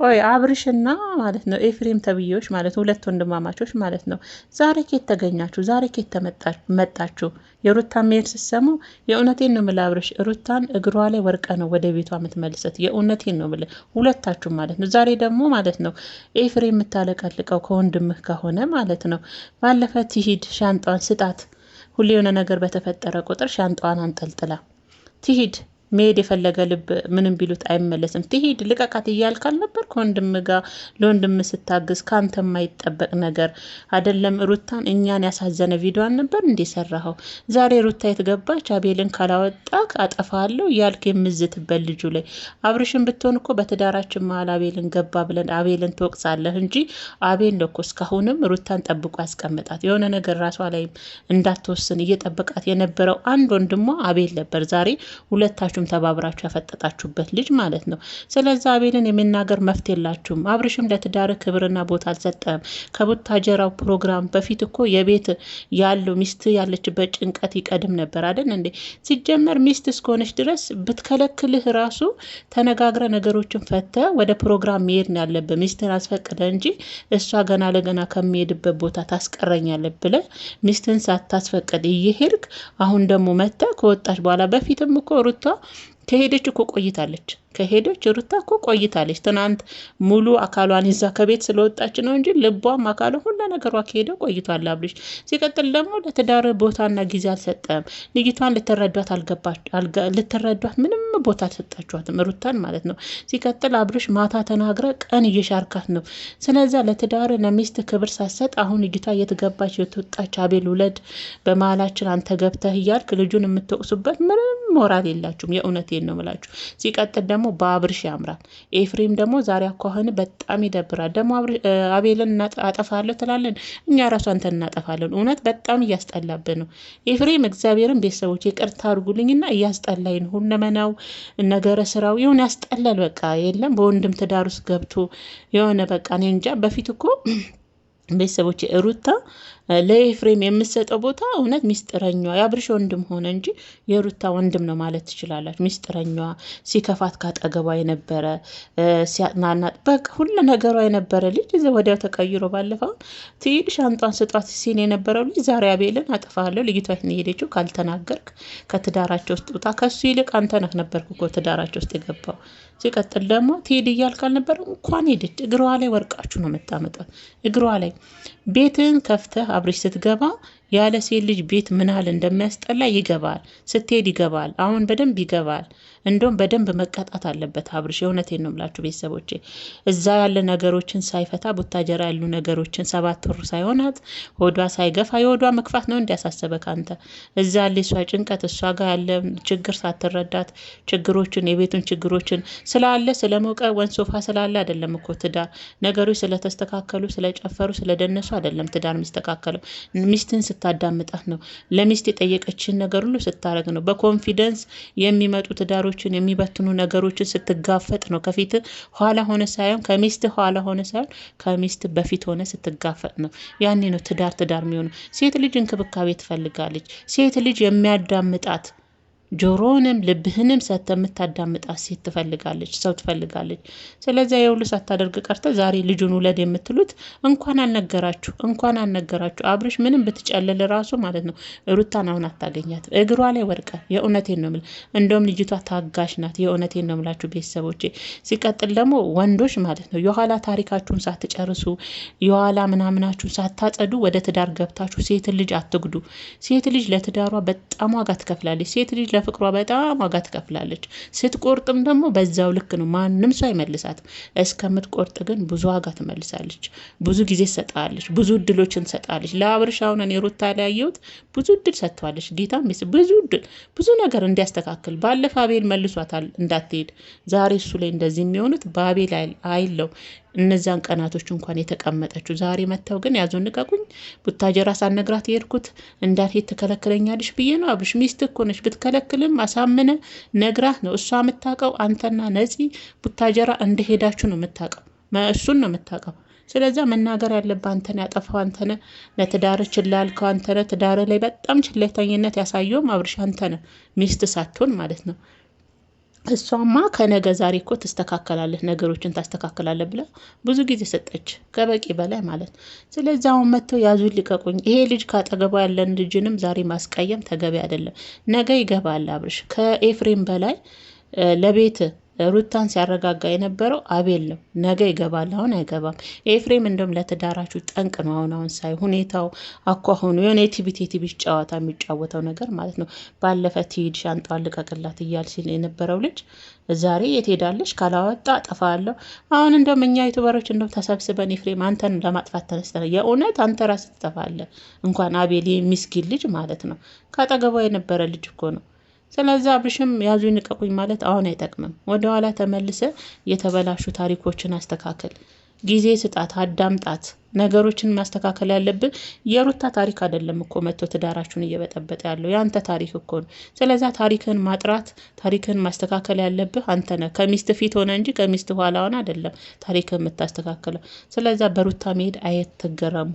ቆይ አብርሽና ማለት ነው ኤፍሬም ተብዬዎች ማለት ነው ሁለት ወንድማማቾች ማለት ነው። ዛሬ ኬት ተገኛችሁ? ዛሬ ኬት መጣችሁ? የሩታን መሄድ ስትሰሙ የእውነቴን ነው የምልህ አብርሽ፣ ሩታን እግሯ ላይ ወርቀ ነው ወደ ቤቷ የምትመልሰት። የእውነቴን ነው የምልህ ሁለታችሁ ማለት ነው። ዛሬ ደግሞ ማለት ነው ኤፍሬም የምታለቀልቀው ከወንድምህ ከሆነ ማለት ነው ባለፈ ትሂድ፣ ሻንጧን ስጣት። ሁሌ የሆነ ነገር በተፈጠረ ቁጥር ሻንጧን አንጠልጥላ ትሂድ መሄድ የፈለገ ልብ ምንም ቢሉት አይመለስም። ትሄድ ልቀቃት እያልካል ነበር ከወንድም ጋር ለወንድም ስታግዝ ከአንተ የማይጠበቅ ነገር አይደለም። ሩታን እኛን ያሳዘነ ቪዲዮን ነበር እንዴ ሰራኸው? ዛሬ ሩታ የተገባች አቤልን ካላወጣክ አጠፋለሁ እያልክ የምዝትበት ልጁ ላይ አብርሽን ብትሆን እኮ በትዳራችን መሀል አቤልን ገባ ብለን አቤልን ትወቅሳለህ እንጂ አቤል ለኮ እስካሁንም ሩታን ጠብቆ ያስቀምጣት የሆነ ነገር ራሷ ላይም እንዳትወስን እየጠበቃት የነበረው አንድ ወንድሟ አቤል ነበር። ዛሬ ሁለታችሁም ሁለታችሁም ተባብራችሁ ያፈጠጣችሁበት ልጅ ማለት ነው። ስለዚ አቤልን የመናገር መፍት የላችሁም። አብርሽም ለትዳር ክብርና ቦታ አልሰጠም። ከቡታጀራው ፕሮግራም በፊት እኮ የቤት ያለው ሚስት ያለችበት ጭንቀት ይቀድም ነበር አይደል እንዴ? ሲጀመር ሚስት እስከሆነች ድረስ ብትከለክልህ ራሱ ተነጋግረ ነገሮችን ፈተ ወደ ፕሮግራም መሄድ ነው ያለብህ። ሚስትን አስፈቅደ እንጂ እሷ ገና ለገና ከሚሄድበት ቦታ ታስቀረኛለህ ብለህ ሚስትን ሳታስፈቅድ እየሄድክ አሁን ደግሞ መተ ከወጣች በኋላ በፊትም እኮ ሩታ ከሄደች እኮ ቆይታለች። ከሄደች ሩታ እኮ ቆይታለች። ትናንት ሙሉ አካሏን ይዛ ከቤት ስለወጣች ነው እንጂ ልቧም አካሏ ሁላ ነገሯ ከሄደ ቆይቷል። አብርሽ ሲቀጥል ደግሞ ለትዳር ቦታና ጊዜ አልሰጠም። ልጅቷን ልትረዷት ልትረዷት ምንም ቦታ አልሰጣችኋትም፣ ሩታን ማለት ነው። ሲቀጥል አብሎች ማታ ተናግረ ቀን እየሻርካት ነው። ስለዚ ለትዳር ለሚስት ክብር ሳሰጥ አሁን ልጅቷ እየተገባች የተወጣች አቤል ውለድ በመሀላችን አንተ ገብተህ እያልክ ልጁን የምትወቅሱበት ምንም ሞራል የላችሁም። የእውነቴን ነው ምላችሁ። ሲቀጥል ደግሞ በአብርሽ ያምራል። ኤፍሬም ደግሞ ዛሬ አኳኋን በጣም ይደብራል። ደግሞ አቤልን አጠፋለሁ ትላለን፣ እኛ ራሱ አንተ እናጠፋለን። እውነት በጣም እያስጠላብን ነው ኤፍሬም። እግዚአብሔርን ቤተሰቦች ይቅርታ አድርጉልኝና እያስጠላኝ ነው። ሁለመናው ነገረ ስራው የሆነ ያስጠላል። በቃ የለም በወንድም ትዳር ውስጥ ገብቶ የሆነ በቃ እኔ እንጃ። በፊት እኮ ቤተሰቦች ሩታ ለኤፍሬም የምሰጠው ቦታ እውነት ሚስጥረኛዋ የአብርሽ ወንድም ሆነ እንጂ የሩታ ወንድም ነው ማለት ትችላላችሁ። ሚስጥረኛዋ፣ ሲከፋት ካጠገቧ የነበረ ሲያጥናናት፣ በቃ ሁሉ ነገሯ የነበረ ልጅ እዚ ወዲያው ተቀይሮ ባለፈው ትይል ሻንጧን ስጧት ሲል የነበረው ልጅ ዛሬ አቤልን አጥፋለሁ ልጅቷ ሄደችው ካልተናገርክ ከትዳራቸው ውስጥ ውጣ፣ ከሱ ይልቅ አንተ ነህ ነበርክ እኮ ትዳራቸው ውስጥ የገባው። ሲቀጥል ደግሞ ትሄድ እያልክ አልነበረም? እንኳን ሄደች እግሯ ላይ ወርቃችሁ ነው የምታመጣት። እግሯ ላይ ቤትን ከፍተህ አብረሽ ስትገባ ያለ ሴት ልጅ ቤት ምናል እንደሚያስጠላ ይገባል። ስትሄድ ይገባል። አሁን በደንብ ይገባል። እንደውም በደንብ መቀጣት አለበት አብርሽ። የእውነቴን ነው የምላችሁ ቤተሰቦቼ፣ እዛ ያለ ነገሮችን ሳይፈታ ቡታጀራ ያሉ ነገሮችን ሰባት ወር ሳይሆናት ሆዷ ሳይገፋ የሆዷ መክፋት ነው እንዲያሳሰበ ካንተ እዛ ያለ እሷ ጭንቀት እሷ ጋር ያለ ችግር ሳትረዳት ችግሮችን የቤቱን ችግሮችን ስላለ ስለሞቀ ወንሶፋ ስላለ አይደለም እኮ ትዳር ነገሮች ስለተስተካከሉ ስለጨፈሩ ስለደነሱ አይደለም ትዳር የሚስተካከለው ሚስትን ስታዳምጣት ነው። ለሚስት የጠየቀችን ነገር ሁሉ ስታረግ ነው። በኮንፊደንስ የሚመጡ ትዳሮችን የሚበትኑ ነገሮችን ስትጋፈጥ ነው። ከፊት ኋላ ሆነ ሳይሆን ከሚስት ኋላ ሆነ ሳይሆን ከሚስት በፊት ሆነ ስትጋፈጥ ነው። ያኔ ነው ትዳር ትዳር የሚሆነው። ሴት ልጅ እንክብካቤ ትፈልጋለች። ሴት ልጅ የሚያዳምጣት ጆሮንም ልብህንም ሰጥተህ የምታዳምጣት ሴት ትፈልጋለች ሰው ትፈልጋለች። ስለዚያ የውሉ ሳታደርግ ቀርተ ዛሬ ልጁን ውለድ የምትሉት እንኳን አልነገራችሁ እንኳን አልነገራችሁ አብርሽ ምንም ብትጨልል ራሱ ማለት ነው። ሩታን አሁን አታገኛት እግሯ ላይ ወድቃ የእውነቴን ነው የምልህ። እንደውም ልጅቷ ታጋሽ ናት የእውነቴን ነው የምላችሁ ቤተሰቦቼ። ሲቀጥል ደግሞ ወንዶች ማለት ነው የኋላ ታሪካችሁን ሳትጨርሱ የኋላ ምናምናችሁን ሳታጸዱ ወደ ትዳር ገብታችሁ ሴት ልጅ አትጉዱ። ሴት ልጅ ለትዳሯ በጣም ዋጋ ትከፍላለች። ሴት ልጅ ለፍቅሯ በጣም ዋጋ ትከፍላለች። ስትቆርጥም ደግሞ በዛው ልክ ነው። ማንም ሰው አይመልሳትም። እስከምትቆርጥ ግን ብዙ ዋጋ ትመልሳለች። ብዙ ጊዜ ትሰጣለች። ብዙ እድሎችን ትሰጣለች። ለአብርሽ አሁን እኔ ሩታ ላይ ያየሁት ብዙ እድል ሰጥተዋለች። ጌታ ብዙ እድል ብዙ ነገር እንዲያስተካክል ባለፈ አቤል መልሷታል እንዳትሄድ ዛሬ እሱ ላይ እንደዚህ የሚሆኑት በአቤል አይለው እነዚያን ቀናቶች እንኳን የተቀመጠችው ዛሬ መጥተው ግን ያዞ ንቀቁኝ፣ ቡታጀራ ሳነግራት የሄድኩት እንዳትሄድ ትከለክለኛለሽ ብዬ ነው። አብርሽ ሚስት እኮ ነች፣ ብትከለክልም አሳምነ ነግራት ነው። እሷ የምታውቀው አንተና ነፂ ቡታጀራ እንደሄዳችሁ ነው የምታውቀው፣ እሱን ነው የምታውቀው። ስለዚያ መናገር ያለብህ አንተነ ያጠፋው አንተነ ለትዳር ችላ ያልከው አንተነ ትዳር ላይ በጣም ችለተኝነት ያሳየውም አብርሽ አንተነ ሚስት ሳትሆን ማለት ነው። እሷማ ከነገ ዛሬ እኮ ትስተካከላለህ፣ ነገሮችን ታስተካከላለህ ብላ ብዙ ጊዜ ሰጠች፣ ከበቂ በላይ ማለት። ስለዚህ አሁን መጥተው ያዙን ልቀቁኝ። ይሄ ልጅ ካጠገቧ ያለን ልጅንም ዛሬ ማስቀየም ተገቢ አይደለም። ነገ ይገባል አብርሽ ከኤፍሬም በላይ ለቤት ሩታን ሲያረጋጋ የነበረው አቤል ነው። ነገ ይገባል፣ አሁን አይገባም። ኤፍሬም እንደም ለትዳራችሁ ጠንቅ ነው። አሁን አሁን ሳይ ሁኔታው አኳሆኑ የሆነ የቲቢት የቲቢት ጨዋታ የሚጫወተው ነገር ማለት ነው። ባለፈ ትሂድ ሻንጣዋን ልቀቅላት እያል ሲል የነበረው ልጅ ዛሬ የት ሄዳለች? ካላወጣ አጠፋለሁ። አሁን እንደም እኛ ዩቱበሮች እንደም ተሰብስበን ኤፍሬም አንተን ለማጥፋት ተነስተናል። የእውነት አንተ ራስህ ትጠፋለህ። እንኳን አቤል የሚስኪን ልጅ ማለት ነው። ከአጠገቧ የነበረ ልጅ እኮ ነው። ስለዛ ብሽም ያዙ ንቀቁኝ ማለት አሁን አይጠቅምም። ወደኋላ ተመልሰ የተበላሹ ታሪኮችን አስተካከል፣ ጊዜ ስጣት፣ አዳምጣት። ነገሮችን ማስተካከል ያለብን የሩታ ታሪክ አይደለም እኮ መጥቶ ትዳራችሁን እየበጠበጠ ያለው የአንተ ታሪክ እኮ ነው። ስለዛ ታሪክን ማጥራት ታሪክን ማስተካከል ያለብህ አንተ ነህ። ከሚስት ፊት ሆነ እንጂ ከሚስት ኋላ ሆነ አይደለም ታሪክን የምታስተካክለው። ስለዛ በሩታ መሄድ አየት ትገረሙ።